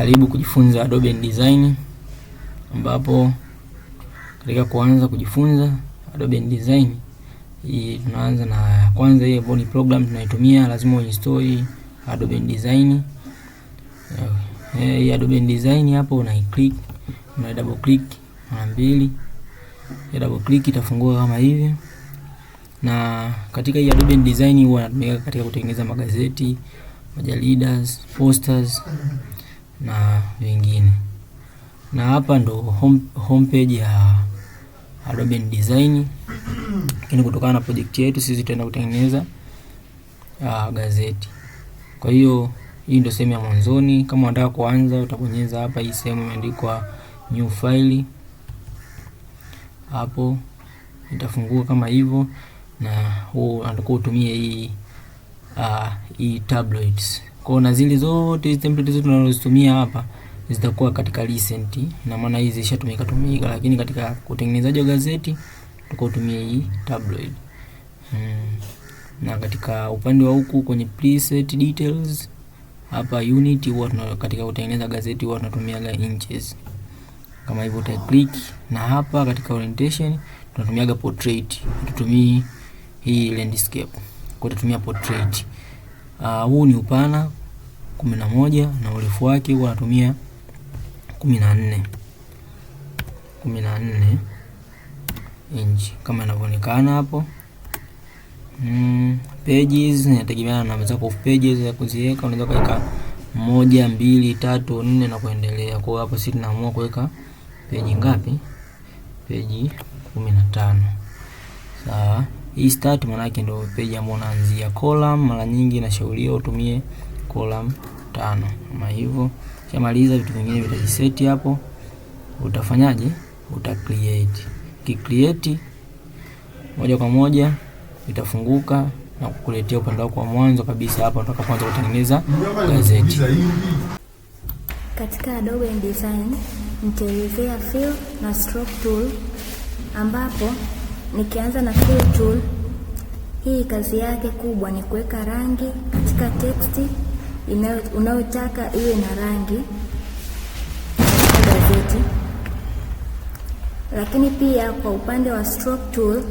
Karibu kujifunza Adobe InDesign, ambapo katika kuanza kujifunza Adobe InDesign hii tunaanza na kwanza, hii ambao ni program tunaitumia, lazima uinstall Adobe InDesign. Eh, hii Adobe InDesign hapo una click, una double click mara mbili, ya double click itafungua kama hivi, na katika hii Adobe InDesign huwa inatumika katika kutengeneza magazeti, majarida, posters na vingine. Na hapa ndo home, homepage ya Adobe InDesign. Lakini kutokana na project yetu sisi tutaenda kutengeneza uh, gazeti. Kwa hiyo hii ndio sehemu ya mwanzoni. Kama unataka kuanza utabonyeza hapa hii sehemu imeandikwa new file. Hapo itafungua kama hivyo na huu uh, anatakuwa utumie hii uh, hii tabloids. Kwa na zile zote hizi template zote tunazozitumia hapa zitakuwa katika recent, na maana hizi zishatumika tumika, lakini katika kutengenezaji wa gazeti tuko tukotumia hii tabloid. Hmm. Na katika upande wa huku kwenye preset details hapa unit huwa tuna katika kutengeneza gazeti huwa tunatumia la inches kama hivyo, uta click na hapa katika orientation tunatumiaga portrait, tutumii hii landscape kwa tutumia portrait. Ah, huu uh, ni upana 11 na urefu wake huwa natumia 14 14 inchi kama inavyoonekana hapo. Mm, pages inategemeana na mzako of pages ya kuziweka, unaweza kuweka moja, mbili, tatu, nne na kuendelea. Kwa hiyo hapo sisi tunaamua kuweka peji ngapi? Peji 15. Sawa. Hii start maana yake ndio page ambayo unaanzia. Column mara nyingi nashauriwa utumie column tano kama hivyo. Ukimaliza vitu vingine vitajiseti hapo. Utafanyaje? Uta create. Ki create moja kwa moja itafunguka na kukuletea upande wako wa mwanzo kabisa hapa utakapoanza kutengeneza gazeti. Katika Adobe InDesign nitaelezea fill na stroke tool ambapo Nikianza na fill tool, hii kazi yake kubwa ni kuweka rangi katika teksti unayotaka iwe na rangi gazeti. Lakini pia kwa upande wa stroke tool,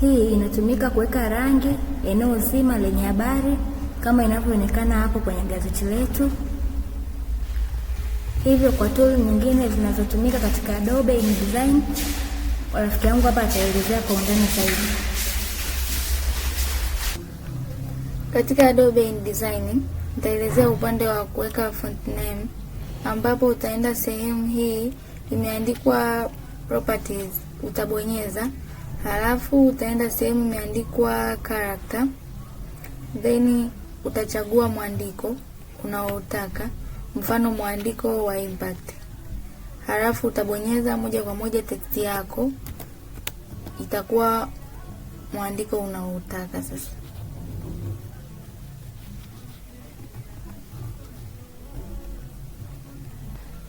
hii inatumika kuweka rangi eneo zima lenye habari kama inavyoonekana hapo kwenye gazeti letu. Hivyo kwa tool nyingine zinazotumika katika Adobe InDesign rafiki yangu hapa ataelezea kwa undani zaidi. Katika Adobe InDesign nitaelezea upande wa kuweka font name, ambapo utaenda sehemu hii imeandikwa properties, utabonyeza halafu utaenda sehemu imeandikwa character, then utachagua mwandiko unaotaka, mfano mwandiko wa impact halafu utabonyeza moja kwa moja teksti yako, itakuwa mwandiko unaoutaka sasa.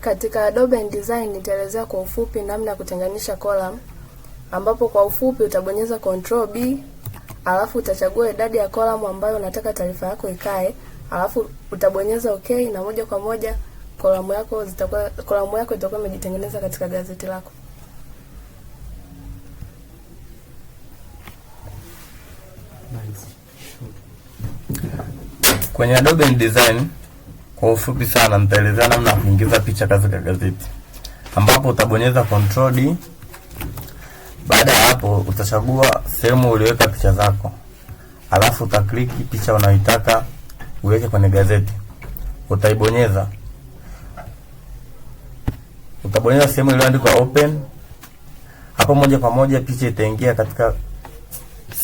Katika Adobe InDesign nitaelezea kwa ufupi namna ya kutenganisha column, ambapo kwa ufupi utabonyeza Control B alafu utachagua idadi ya column ambayo unataka taarifa yako ikae, alafu utabonyeza ok na moja kwa moja kolamu yako zitakuwa kolamu yako itakuwa imejitengeneza katika gazeti lako. Kwenye Adobe InDesign kwa ufupi sana nitaelezea namna ya kuingiza picha katika gazeti, ambapo utabonyeza Control D. Baada ya hapo, utachagua sehemu uliweka picha zako, alafu utakliki picha unayoitaka uweke kwenye gazeti, utaibonyeza utabonyeza sehemu iliyoandikwa open. Hapo moja kwa moja picha itaingia katika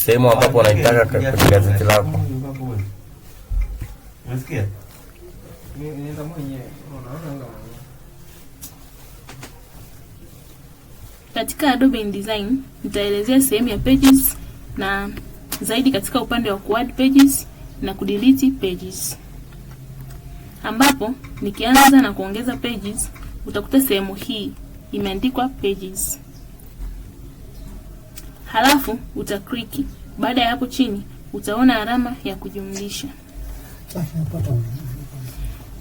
sehemu ambapo unaitaka kwenye gazeti lako. Katika Adobe InDesign nitaelezea sehemu ya pages na zaidi katika upande wa kuadd pages na kudelete pages, ambapo nikianza na kuongeza pages utakuta sehemu hii imeandikwa pages, halafu click. Baada ya hapo chini utaona alama ya kujumlisha,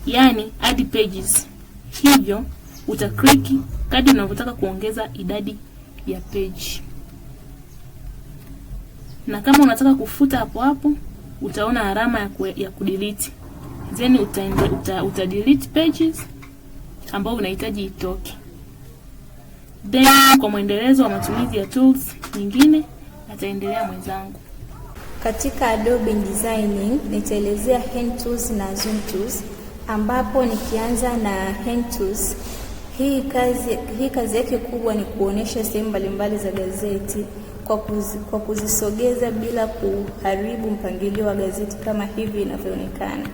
yani add pages. Hivyo click kadi unavyotaka kuongeza idadi ya page, na kama unataka kufuta hapo hapo utaona alama ya kudelete, then uta, uta, uta delete pages ambao unahitaji itoke. Then kwa mwendelezo wa matumizi ya tools nyingine ataendelea mwenzangu. Katika Adobe Designing nitaelezea hand tools na zoom tools, ambapo nikianza na hand tools hii kazi, hii kazi yake kubwa ni kuonesha sehemu mbalimbali za gazeti kwa, kuzi, kwa kuzisogeza bila kuharibu mpangilio wa gazeti kama hivi inavyoonekana.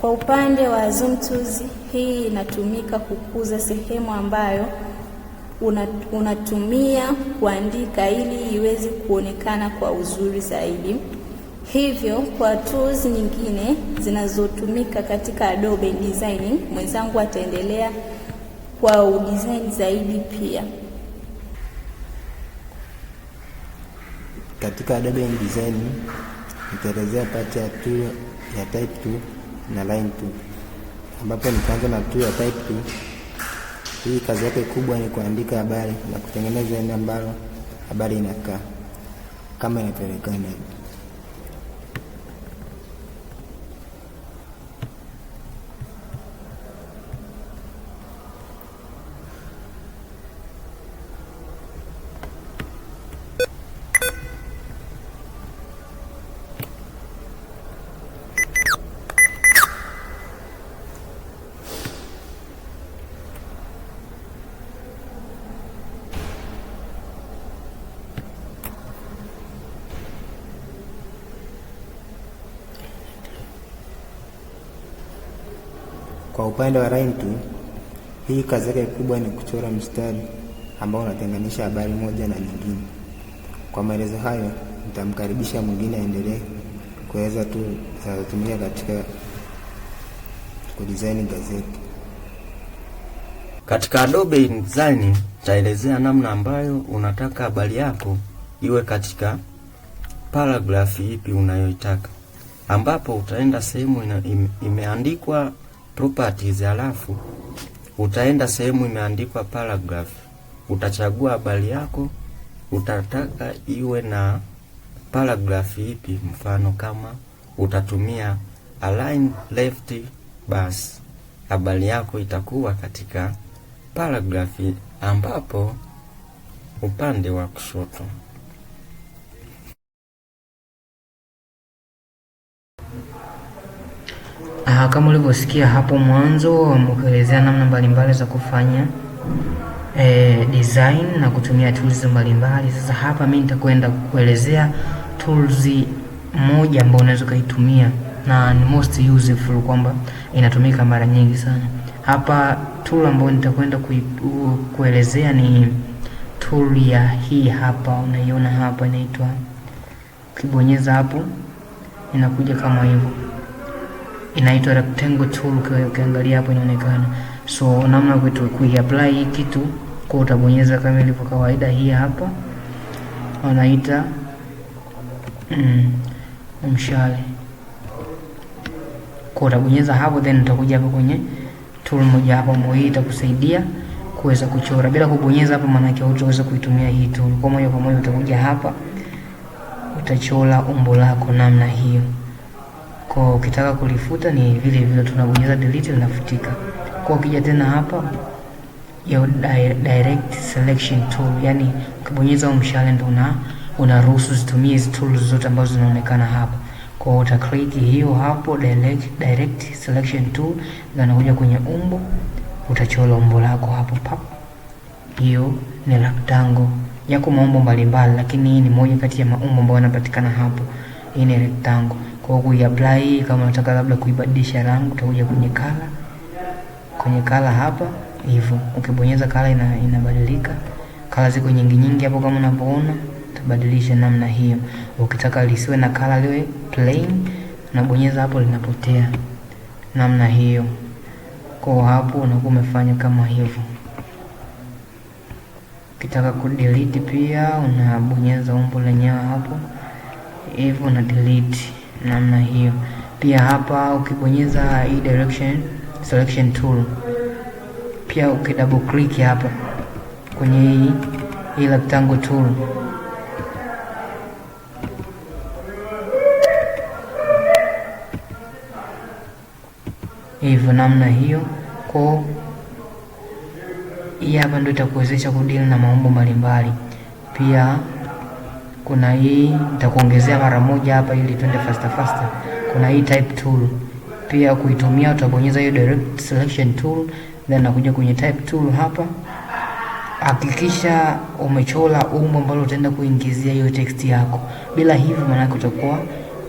Kwa upande wa tools, hii inatumika kukuza sehemu ambayo unatumia kuandika ili iweze kuonekana kwa uzuri zaidi. Hivyo kwa tools nyingine zinazotumika katika Adobe Design, mwenzangu ataendelea kwa udesign zaidi pia. Katika Adobe Design nitaelezea pati ya type na line 2, ambapo nitaanza na tu ya type 2. Hii kazi yake kubwa ni kuandika habari na kutengeneza eneo ambalo habari inakaa kama inavyoonekana hivi. Kwa upande wa rhyme tu, hii kazi yake kubwa ni kuchora mstari ambao unatenganisha habari moja na nyingine. Kwa maelezo hayo, nitamkaribisha mwingine aendelee kuweza tu zinazotumika katika kudesign gazeti. Katika Adobe InDesign taelezea namna ambayo unataka habari yako iwe katika paragrafi ipi unayoitaka, ambapo utaenda sehemu ime, imeandikwa properties, halafu utaenda sehemu imeandikwa paragraph, utachagua habari yako, utataka iwe na paragraph ipi. Mfano kama utatumia align left, basi habari yako itakuwa katika paragraph ambapo upande wa kushoto. Kama ulivyosikia hapo mwanzo, wamekuelezea namna mbalimbali za kufanya e, design na kutumia tools mbalimbali. Sasa hapa mimi nitakwenda kuelezea tools moja ambayo unaweza ukaitumia na ni most useful, kwamba inatumika mara nyingi sana. Hapa tool ambayo nitakwenda kuelezea ni tool ya hii hapa, unaiona hapa inaitwa, ukibonyeza hapo inakuja kama hivyo inaitwa rectangle tool. Ukiangalia hapo inaonekana, so namna kwetu ku apply hii kitu kwa, utabonyeza kama ilivyo kawaida hii hapa, wanaita mm, mshale kwa, utabonyeza hapo then utakuja hapo kwenye tool moja hapo ambayo hii itakusaidia kuweza kuchora. Bila kubonyeza hapo, maana yake hutaweza kuitumia hii tool. Kwa moja kwa moja utakuja hapa, utachora umbo lako namna hiyo. Kwa ukitaka kulifuta ni vile vile tunabonyeza delete linafutika. Kwa ukija tena hapa ya direct selection tool, yani ukibonyeza mshale ndio una unaruhusu zitumie hizo tools zote ambazo zinaonekana hapa. Kwa uta click hiyo hapo direct, direct selection tool, na unakuja kwenye umbo, utachora umbo lako hapo pap. Hiyo ni rectangle. Yako maumbo mbalimbali, lakini hii ni moja kati ya maumbo ambayo yanapatikana hapo hii ni rectangle. Kwa hiyo kuiapply, kama unataka labda kuibadilisha rangi, utakuja kwenye color, kwenye color hapa hivyo. Ukibonyeza color ina, inabadilika. Color ziko nyingi nyingi hapo kama unavyoona, utabadilisha namna hiyo. Ukitaka lisiwe na color, liwe plain, unabonyeza hapo, linapotea namna hiyo. Kwa hapo unakuwa umefanya kama hivyo. Ukitaka kudelete pia unabonyeza umbo lenyewe hapo hivyo na delete namna hiyo. Pia hapa ukibonyeza hii direction selection tool, pia ukidouble click hapa kwenye hii hii rectangle tool hivyo namna hiyo. Kwa hii hapa ndio itakuwezesha kudili na maumbo mbalimbali pia kuna hii nitakuongezea mara moja hapa ili twende faster faster. Kuna hii type tool pia kuitumia, utabonyeza hiyo direct selection tool, then nakuja kwenye type tool hapa. Hakikisha umechora umbo ambalo utaenda kuingizia hiyo text yako, bila hivyo maana maanake utakuwa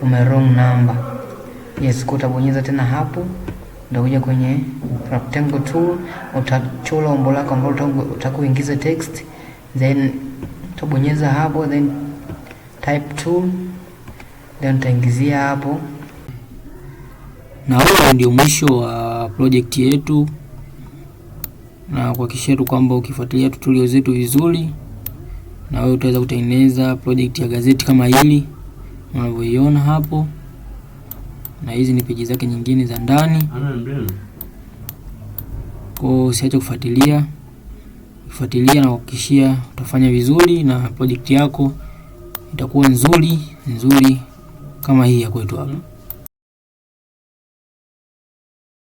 ume wrong number. Yes, kwa utabonyeza tena hapo utakuja kwenye rectangle tool, utachora umbo lako ambalo utakuingiza text, then utabonyeza hapo then type 2 then utaingizia hapo, na huo ndio mwisho wa project yetu, na kuhakikishia tu kwamba ukifuatilia tutorial zetu vizuri, na wewe utaweza kutengeneza project ya gazeti kama hili unavyoiona hapo, na hizi ni peji zake nyingine za ndani. Kwa usiache kufuatilia kufuatilia, na kuhakikishia utafanya vizuri na project yako itakuwa nzuri nzuri kama hii ya kwetu hapa.